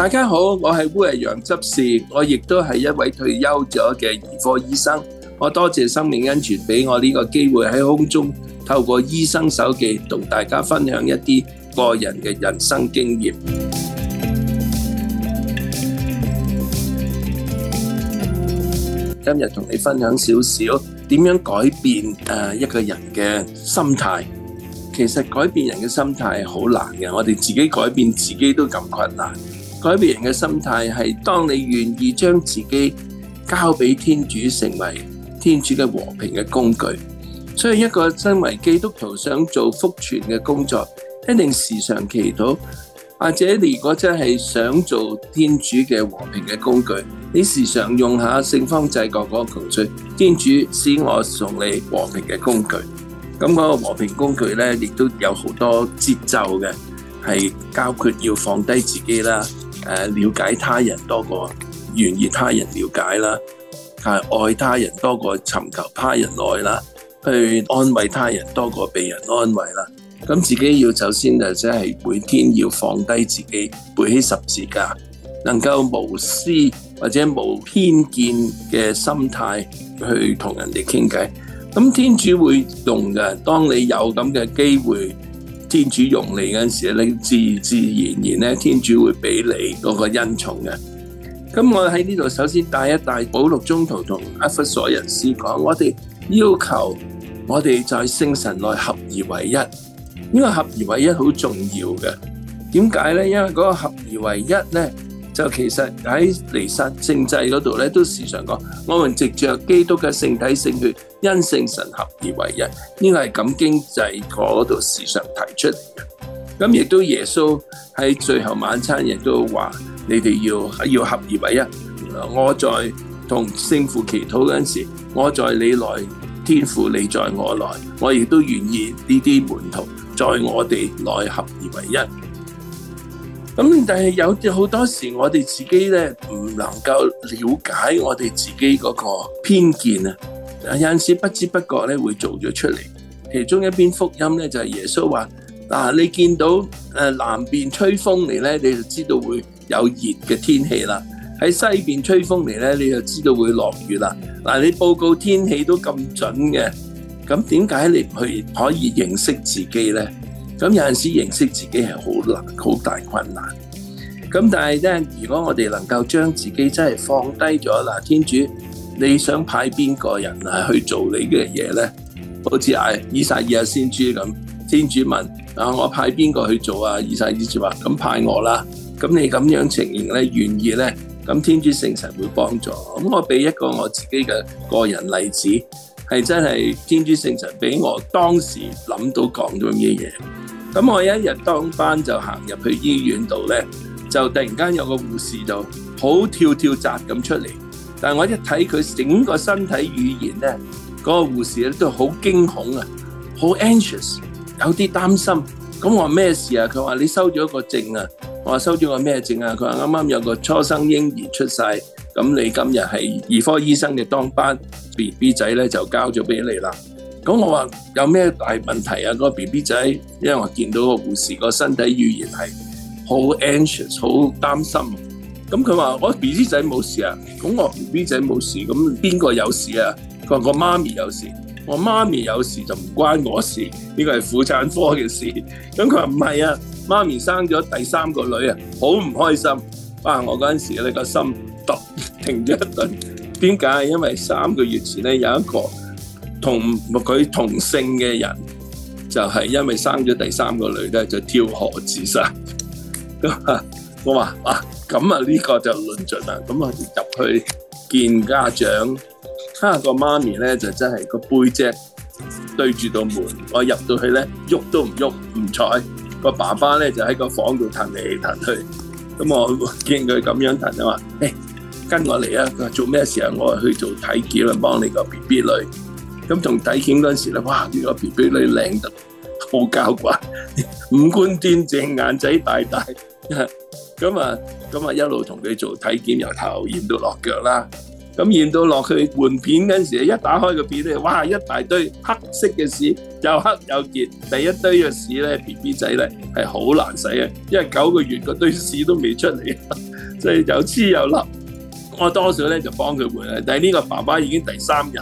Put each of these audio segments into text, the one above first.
大家好，我係烏日陽執事，我亦都係一位退休咗嘅兒科醫生。我多謝生命恩泉俾我呢個機會喺空中透過醫生手記同大家分享一啲個人嘅人生經驗。今日同你分享少少點樣改變誒一個人嘅心態。其實改變人嘅心態係好難嘅，我哋自己改變自己都咁困難。改變人嘅心態係當你願意將自己交俾天主，成為天主嘅和平嘅工具。所以一個身為基督徒想做福傳嘅工作，一定時常祈禱。或者你如果真係想做天主嘅和平嘅工具，你時常用下聖方濟各嗰個群句：天主使我送你和平嘅工具。咁嗰個和平工具咧，亦都有好多節奏嘅，係包括要放低自己啦。誒，了解他人多過願意他人了解啦，係愛他人多過尋求他人愛啦，去安慰他人多過被人安慰啦。咁自己要首先就即係每天要放低自己，背起十字架，能夠無私或者無偏見嘅心態去同人哋傾偈。咁天主會用嘅，當你有咁嘅機會。天主用你嗰陣時咧，自自然然咧，天主會俾你嗰個恩寵嘅。咁我喺呢度首先帶一帶，保祿宗徒同厄弗所人書講，我哋要求我哋在聖神內合而為一，呢個合而為一好重要嘅。點解咧？因為嗰個合而為一咧。就其實喺彌撒聖祭嗰度咧，都時常講，我們藉著基督嘅聖體聖血，因聖神合而為一，呢個係咁經濟嗰度時常提出嚟嘅。咁亦都耶穌喺最後晚餐亦都話：你哋要要合而為一。我在同聖父祈禱嗰陣時候，我在你內，天父你在我內，我亦都願意呢啲門徒在我哋內合而為一。咁但係有好多時我哋自己咧唔能夠了解我哋自己嗰個偏見啊，有陣時不知不覺咧會做咗出嚟。其中一篇福音咧就係耶穌話：嗱、啊，你見到誒南邊吹風嚟咧，你就知道會有熱嘅天氣啦；喺西邊吹風嚟咧，你就知道會落雨啦。嗱、啊，你報告天氣都咁準嘅，咁點解你唔去可以認識自己咧？咁有陣時認識自己係好難，好大困難。咁但係咧，如果我哋能夠將自己真係放低咗啦，天主你想派邊個人去做你嘅嘢咧？好似阿依撒意亞先知咁，天主問啊，我派邊個去做啊？依撒意亞先知話咁派我啦。咁你咁樣情形咧，願意咧？咁天主聖神會幫助。咁我俾一個我自己嘅個人例子，係真係天主聖神俾我當時諗到講咗咩嘢。咁我一日當班就行入去醫院度咧，就突然間有個護士度好跳跳扎咁出嚟，但係我一睇佢整個身體語言咧，嗰個護士咧都好驚恐啊，好 anxious，有啲擔心。咁我咩事啊？佢話你收咗個證啊？我話收咗個咩證啊？佢話啱啱有個初生嬰兒出世，咁你今日係兒科醫生嘅當班，BB 仔咧就交咗俾你啦。咁我話有咩大問題啊？嗰、那個 B B 仔，因為我見到個護士個身體語言係好 anxious，好擔心。咁佢話：我 B B 仔冇事啊，咁我 B B 仔冇事，咁邊個有事啊？佢話個媽咪有事，我媽咪有事就唔關我事，呢個係婦產科嘅事。咁佢話唔係啊，媽咪生咗第三個女啊，好唔開心。啊，我嗰陣時咧個心突然停咗一頓，點解？因為三個月前咧有一個同佢同性嘅人，就係因為生咗第三個女咧，就跳河自殺。我話啊，咁啊呢個就論盡啦。咁我入去見家長，哈個媽咪咧就真係個背脊對住度門，我入到去咧喐都唔喐，唔睬。個爸爸咧就喺個房度騰嚟騰去。咁我見佢咁樣騰，我話誒，跟我嚟啊！佢話做咩事啊？我話去做體檢，幫你個 B B 女。咁同體檢嗰陣時咧，哇！呢個 B B 女靚到好交關，五官端正，眼仔大大，咁啊，咁啊一路同佢做體檢由頭驗到落腳啦。咁驗到落去換片嗰陣時，一打開個片咧，哇！一大堆黑色嘅屎，又黑又結，第一堆嘅屎咧，B B 仔咧係好難洗呀，因為九個月個堆屎都未出嚟，所以又黐又笠。我多少咧就幫佢換啦。但係呢個爸爸已經第三日。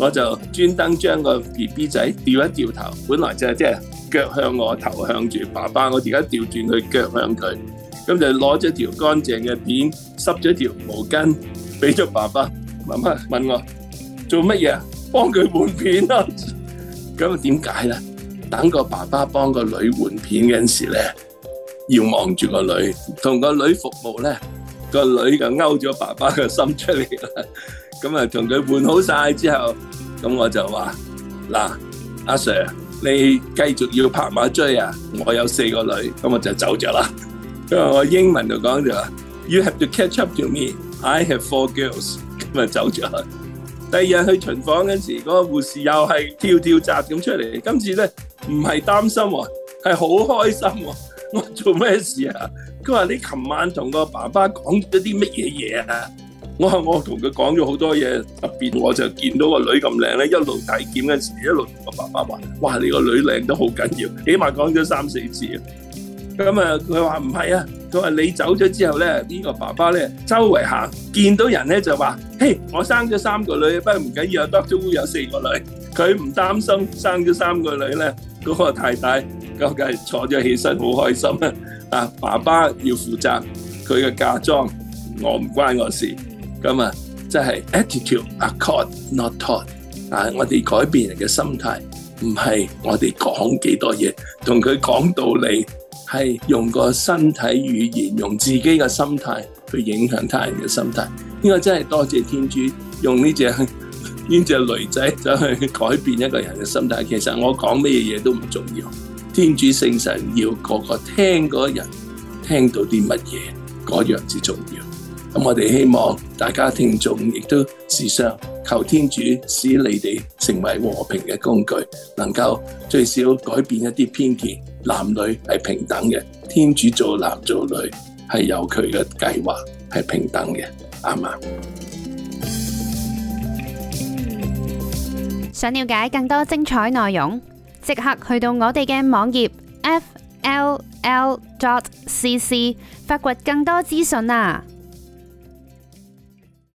我就專登將個 B B 仔調一調頭，本來就係即係腳向我，頭向住爸爸。我而家調轉去腳向佢，咁就攞咗條乾淨嘅片，濕咗條毛巾，俾咗爸爸。媽媽問我做乜嘢，幫佢換片咯、啊。咁啊點解咧？等個爸爸幫個女換片嗰陣時咧，要望住個女，同個女服務咧，個女就勾咗爸爸嘅心出嚟啦，咁啊同佢換好晒之後，咁我就話：嗱，阿 Sir，你繼續要拍馬追啊！我有四個女，咁我就走咗啦。因為我英文就講咗：You have to catch up to me. I have four girls。咁啊走咗。第二日去巡房嗰陣時，嗰個護士又係跳跳扎咁出嚟，今次咧唔係擔心喎，係好開心喎！我做咩事啊？佢話：你琴晚同個爸爸講咗啲乜嘢嘢啊？我話我同佢講咗好多嘢，特別我就見到個女咁靚咧，一路體檢嘅時，一路同個爸爸話：哇！你個女靚都好緊要，起碼講咗三四次、嗯、啊。咁啊，佢話唔係啊，佢話你走咗之後咧，呢、呢個爸爸咧周圍行，見到人咧就話：嘿，我生咗三個女，不過唔緊要，得咗會有四個女，佢唔擔心生咗三個女咧，嗰、嗰個太太究竟坐咗起身好開心啊！啊！爸爸要負責佢嘅嫁妝，我唔關我事。咁啊，即係 attitude，caught, not taught。啊，我哋改變人嘅心態，唔係我哋講幾多嘢，同佢講道理，係用個身體語言，用自己嘅心態去影響他人嘅心態。呢個真係多謝天主，用呢隻呢隻女仔走去改變一個人嘅心態。其實我講乜嘢都唔重要。天主聖神要個個聽嗰個人聽到啲乜嘢，嗰樣至重要。咁我哋希望大家聽眾亦都時常，求天主使你哋成為和平嘅工具，能夠最少改變一啲偏見。男女係平等嘅，天主造男造女係有佢嘅計劃，係平等嘅，啱嘛？想了解更多精彩內容。即刻去到我哋嘅網頁 fll dot cc，發掘更多資訊啊！